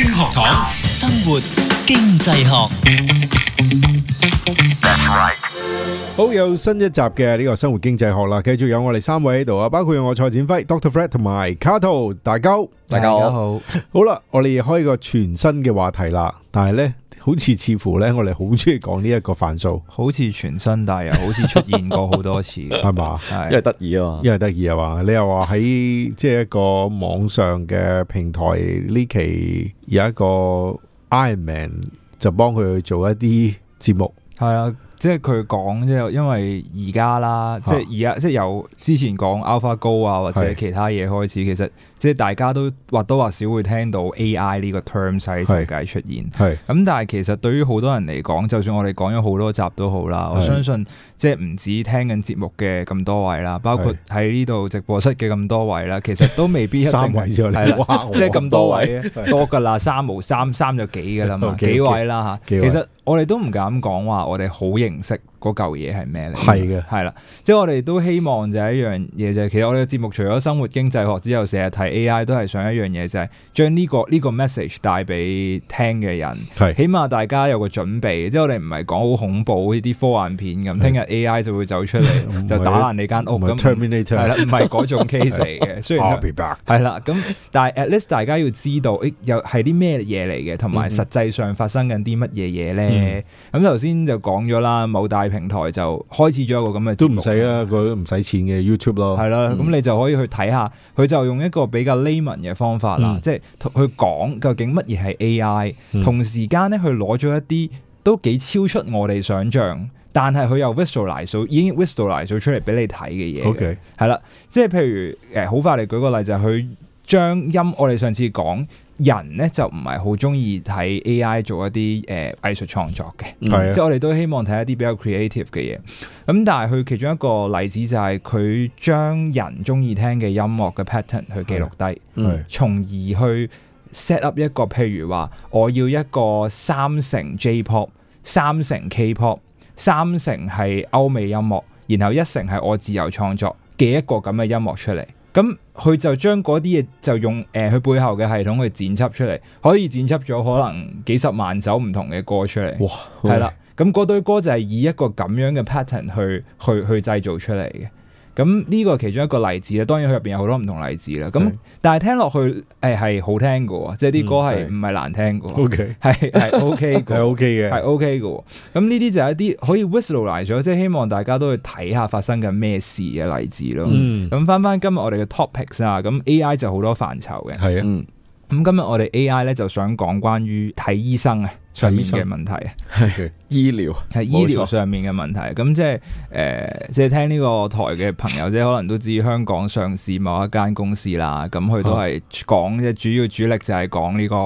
精學堂，生活經濟學。好，有新一集嘅呢個生活經濟學啦，繼續有我哋三位喺度啊，包括有我蔡展輝、Dr Fred 同埋卡圖，大家大家好，好啦，我哋開個全新嘅話題啦，但係呢，好似似乎呢，我哋好中意講呢一個範疇，好似全新，但又好似出現過好多次，係嘛？因為得意啊嘛，因為得意啊嘛，你又話喺即係一個網上嘅平台，呢期有一個 Iron Man 就幫佢做一啲節目，係啊。 即係佢講，即係因為而家啦，即係而家，即係由之前講 Alpha Go 啊或者其他嘢，開始，其實即係大家都或多或少會聽到 AI 呢個 term 喺世界出現。係咁，但係其實對於好多人嚟講，就算我哋講咗好多集都好啦，我相信即係唔止聽緊節目嘅咁多位啦，包括喺呢度直播室嘅咁多位啦，其實都未必一定三位咗啦，即係咁多位多噶啦，三毛三三就幾噶啦嘛，幾位啦吓？其實我哋都唔敢講話，我哋好形式。嗰嚿嘢係咩嚟？係嘅，係啦的，即係我哋都希望就係一樣嘢就係，其實我哋嘅節目除咗生活經濟學之後，成日睇 AI 都係想一樣嘢就係、是、將呢、呢個呢、呢個 message 帶俾聽嘅人，的起碼大家有個準備。即係我哋唔係講好恐怖呢啲科幻片咁，聽日 AI 就會走出嚟的就打爛你間屋咁。 是不 Terminator 係啦，唔係嗰種 case 嚟嘅。 雖然係啦，咁但係 at least 大家要知道，誒、欸、有係啲咩嘢嚟嘅，同埋實際上發生緊啲乜嘢嘢咧？咁頭先就講咗啦，冇帶。平台就開始咗一個咁嘅，都唔使啊，佢都唔使錢嘅 YouTube 咯，係啦的，咁、嗯、你就可以去睇下，佢就用一個比較 layman 嘅方法啦，嗯、即係佢講究竟乜嘢係 AI，嗯、同時間咧佢攞咗一啲都幾超出我哋想像，但係佢又 visualize，已經 visualize 出嚟俾你睇嘅嘢，OK，係啦，即係譬如誒好快你舉個例，就係、是、佢將音，我哋上次講。人咧就唔係好中意睇 AI 做一啲誒、呃、藝術創作嘅，嗯、即係我哋都希望睇一啲比較 creative 嘅嘢。咁、嗯、但係佢其中一個例子就係佢將人中意聽嘅音樂嘅 pattern 去記錄低，嗯、從而去 set up 一個譬如話我要一個三成 J pop、三成 K pop、三成係歐美音樂，然後一成係我自由創作嘅一個咁嘅音樂出嚟。咁佢就將嗰啲嘢就用誒佢、呃、背後嘅系統去剪輯出嚟，可以剪輯咗可能幾十萬首唔同嘅歌出嚟。哇，係啦的，咁嗰堆歌就係以一個咁樣嘅 pattern 去去去製造出嚟嘅。咁呢個其中一個例子啦，當然佢入邊有好多唔同例子啦。咁是但係聽落去誒係好聽嘅，即係啲歌係唔係難聽嘅、嗯、OK 係係 OK 係的 OK 嘅，係 OK 嘅。咁呢啲就係一啲可以 whistle 嚟咗，即係希望大家都去睇下發生緊咩事嘅例子咯。咁返返今日我哋嘅 topics 啊，咁 AI 就好多範疇嘅，係啊，咁今日我哋 AI 咧就想講關於睇醫生啊。上面嘅問題係的醫療，係醫療上面嘅問題。咁錯即係誒、呃，即係聽呢個台嘅朋友， 即係可能都知香港上市某一間公司啦。咁佢 都係講，即主要主力就係講呢個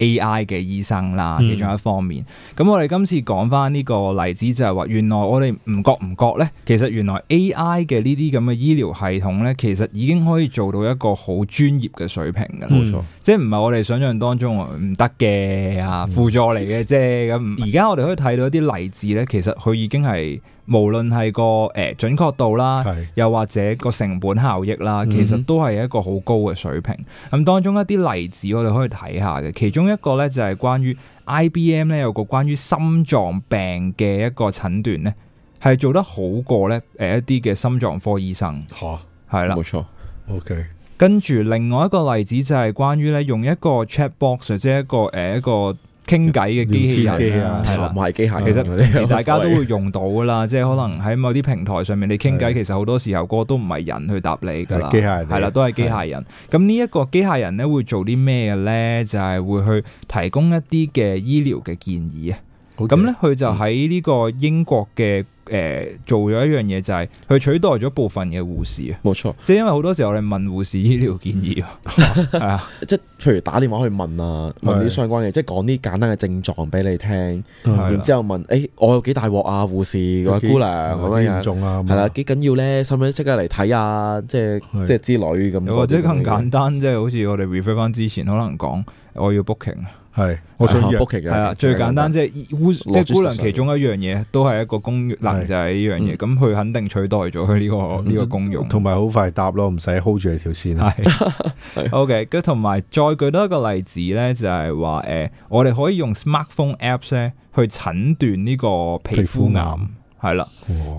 AI 嘅醫生啦，其中一方面。咁、嗯、我哋今次講翻呢個例子就，就係話原來我哋唔覺唔覺呢？其實原來 AI 嘅呢啲咁嘅醫療系統呢，其實已經可以做到一個好專業嘅水平㗎。冇錯，嗯、即係唔係我哋想像當中唔得嘅啊，輔助嚟嘅。咁，而家我哋可以睇到一啲例子呢，其實佢已經係無論係個誒準確度啦，是又或者個成本效益啦，其實都係一個好高嘅水平。咁、嗯、哼當中一啲例子我哋可以睇下嘅，其中一個呢，就係、是、關於 I B M 呢有個關於心臟病嘅一個診斷呢係做得好過呢誒一啲嘅心臟科醫生係哈啦，冇錯錯。O K，跟住另外一個例子就係關於呢用一個 Chatbox 或者一個誒一個，呃一個傾偈嘅機器人係啦，唔係機械， 其實大家都會用到噶啦， 即係可能喺某啲平台上面你傾偈，的其實好多時候個都唔係人去答你噶啦，係啦，都係機械人。咁呢一個機械人咧會做啲咩嘅咧？就係會去提供一啲嘅醫療嘅建議。咁咧，佢就喺呢個英國嘅誒、呃，做咗一樣嘢，就係、是、佢取代咗部分嘅護士啊。冇錯，即係因為好多時候我哋問護士醫療建議啊，嗯、 即係譬如打電話去問啊，的問啲相關嘅，即係講啲簡單嘅症狀俾你聽，的然之後問，哎、欸，我有幾大鑊啊？護士，我話姑娘咁啊，嚴的重啊，係啦，幾緊要咧？使唔使即刻嚟睇啊？即係即係之類咁。類或者更簡單，即係好似我哋 refer 翻之前，可能講我要 booking。係，我想易卜其嘅，係啊，最簡單即係估，即係估量其中一樣嘢，都係一個功是能就係呢、嗯、樣嘢，咁佢肯定取代咗呢、這個呢的個功、嗯嗯嗯、用，同埋好快答咯，唔使 hold 住條線。係一一一一，OK，咁同埋再舉多一個例子咧，就係話誒，我哋可以用 smartphone apps 咧去診斷呢個皮膚癌。係啦，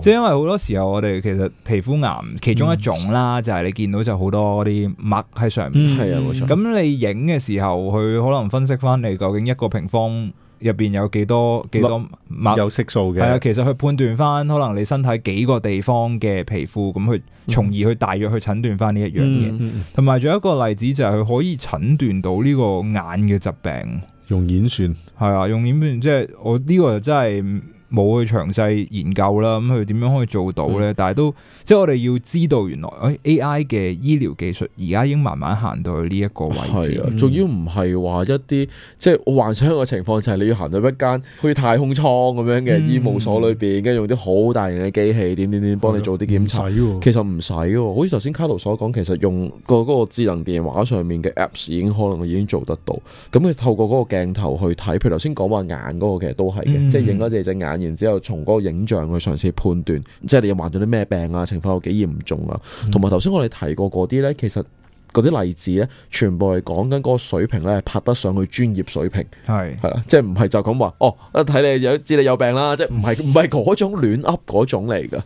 即係、哦、因為好多時候我哋其實皮膚癌其中一種啦，嗯、就係你見到就好多啲脈喺上面。係啊、嗯，咁你影嘅時候，佢可能分析翻你究竟一個平方入邊有幾多幾多脈脈有色素嘅。係啊，其實去判斷翻可能你身體幾個地方嘅皮膚，咁去從而去大約去診斷翻呢一樣嘢。同埋仲有一個例子就係佢可以診斷到呢個眼嘅疾病。用演算，係啊，用演算，即係我呢個真係。冇去詳細研究啦，咁佢點樣可以做到咧？嗯、但係都即係我哋要知道，原來誒 AI 嘅醫療技術而家已經慢慢行到去呢一個位置。係啊，仲要唔係話一啲即係我幻想一個情況，就係你要行到一間去太空艙咁樣嘅醫務所裏邊，跟住、嗯、用啲好大型嘅機器點點點幫你做啲檢查。嗯、其實唔使喎，好似頭先卡羅所講，其實用個個智能電話上面嘅 Apps 已經可能已經做得到。咁佢透過嗰個鏡頭去睇，譬如頭先講話眼嗰個，其實都係嘅，即係影嗰隻隻眼。即是 然之後，從嗰個影像去嘗試判斷，即係你又患咗啲咩病啊？情況有幾嚴重啊？同埋頭先我哋提過嗰啲呢，其實。嗰啲例子咧，全部係講緊嗰個水平咧，係拍得上去專業水平。係係啦，即係唔係就咁話哦，睇你有知你有病啦，即係唔係唔係嗰種亂噏嗰種嚟㗎。係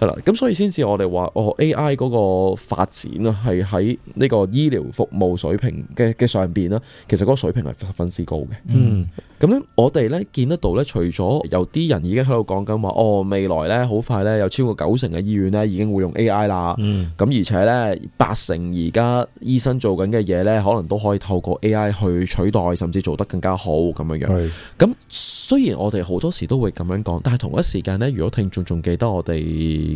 係啦，咁所以先至我哋話哦，AI 嗰個發展啊，係喺呢個醫療服務水平嘅嘅上邊啦。其實嗰個水平係十分之高嘅。嗯，咁咧我哋咧見得到咧，除咗有啲人已經喺度講緊話哦，未來咧好快咧有超過九成嘅醫院咧已經會用 AI 啦。咁、嗯、而且咧八成而、呃、家醫生做緊嘅嘢呢，可能都可以透過 AI 去取代，甚至做得更加好咁樣樣。咁的雖然我哋好多時都會咁樣講，但係同一時間呢，如果聽眾仲記得我哋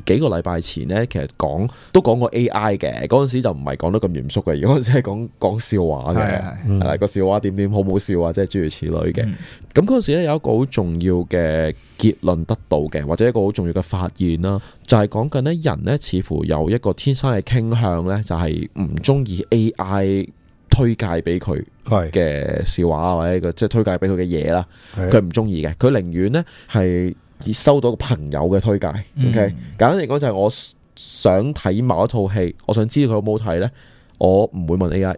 幾個禮拜前呢，其實講都講過 AI 嘅，嗰陣時就唔係講得咁嚴肅嘅，而嗰陣時係講講笑話嘅，係、嗰個笑話點點好唔好笑啊，即係諸如此類嘅。咁嗰陣時呢有一個好重要嘅。結論得到嘅，或者一個好重要嘅發現啦，就係講緊咧，人咧似乎有一個天生嘅傾向咧，就係唔中意 AI 推介俾佢嘅笑話是或者一個即係推介俾佢嘅嘢啦，佢唔中意嘅，佢寧願咧係收到個朋友嘅推介。嗯、OK，簡單嚟講就係我想睇某一套戲，我想知道佢好唔好睇咧，我唔會問 AI。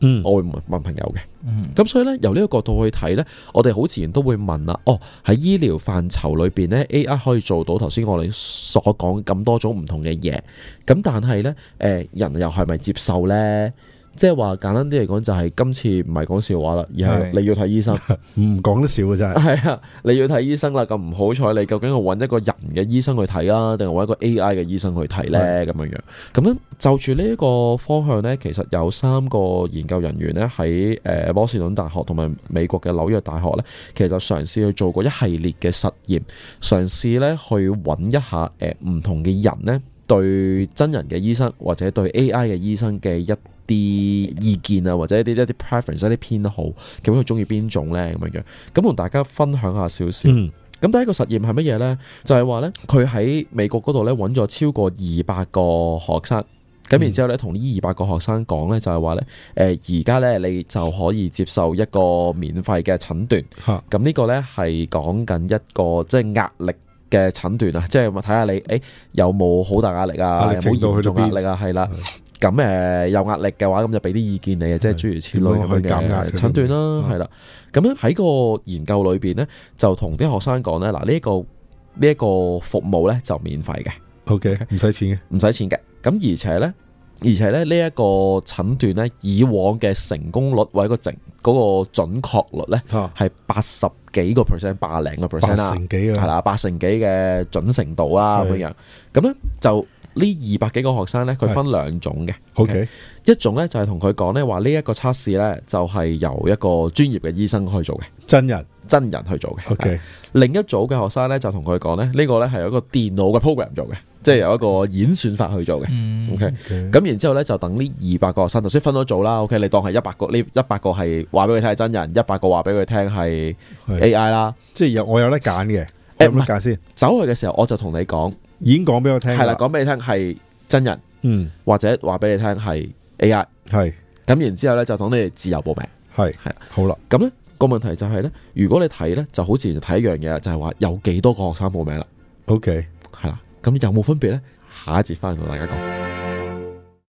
嗯，我會問朋友嘅，咁所以咧，由呢個角度去睇咧，我哋好自然都會問啦。哦，喺醫療範疇裏邊咧，AI 可以做到頭先我哋所講咁多種唔同嘅嘢，咁但係咧，誒，人又係咪接受咧？即係話簡單啲嚟講，就係今次唔係講笑話啦，而係你要睇醫生，唔講得少嘅真係係啊。你要睇醫生啦，咁唔好彩，你究竟係揾一個人嘅醫生去睇啊，定係揾一個 A I 嘅醫生去睇呢？咁的樣樣咁咧，就住呢一個方向呢。其實有三個研究人員呢，喺誒波士頓大學同埋美國嘅紐約大學呢，其實嘗試去做過一系列嘅實驗，嘗試呢去揾一下誒唔同嘅人呢，對真人嘅醫生或者對 A I 嘅醫生嘅一。啲意見啊，或者一啲一啲 preference，一啲偏好，究竟佢中意邊種咧咁樣？咁同大家分享下少少。咁、嗯、第一個實驗係乜嘢咧？就係話咧，佢喺美國嗰度咧，揾咗超過二百個學生，咁、嗯、然之後咧，同呢二百個學生講咧，就係話咧，誒而家咧你就可以接受一個免費嘅診斷。咁呢哈個咧係講緊一個即係壓力嘅診斷啊，即係我睇下你誒有冇好大壓力啊，力到有冇嚴重壓力啊？係啦。了 咁誒有壓力嘅話，咁就俾啲意見你啊，即係是諸如此類咁嘅診斷啦，係啦、啊。咁樣喺個研究裏邊咧，就同啲學生講咧，嗱、這、呢個呢一、這個服務咧就免費嘅，OK，唔使 okay? 錢嘅，唔使錢嘅。咁而且咧，而且咧呢一、這個診斷咧，以往嘅成功率或者個準嗰個準確率咧，係八十幾個 percent，八零個 percent 啊，係啦、啊，八成幾嘅準程度啊咁的的樣，咁咧就。呢二百幾個學生呢，佢分兩種嘅。是 o Okay , K，一種呢就係同佢講呢：「話呢一個測試呢，就係、是、由一個專業嘅醫生去做嘅，真人真人去做嘅。O Okay , K，另一組嘅學生呢，就同佢講呢，呢、這個呢係有一個電腦嘅 program 做嘅，即係由一個演算法去做嘅。O K，咁然之後呢就等呢二百個學生頭先分咗組啦。O、okay, K，你當係一百個呢一百個係話俾佢聽係真人，一百個話俾佢聽係 A I 啦。即係有我有得揀嘅，點揀先？有有走去嘅時候我就同你講。已經講俾我聽係啦，講俾你聽係真人，嗯，或者話俾你聽係 A.I. 係，咁然之後咧，就等你自由報名，係係好啦，咁咧，個問題就係咧，如果你睇咧，就好自然睇一樣嘢，就係話有幾多個學生報名啦。OK，係啦，咁有冇分別咧？下一節翻嚟，同大家講。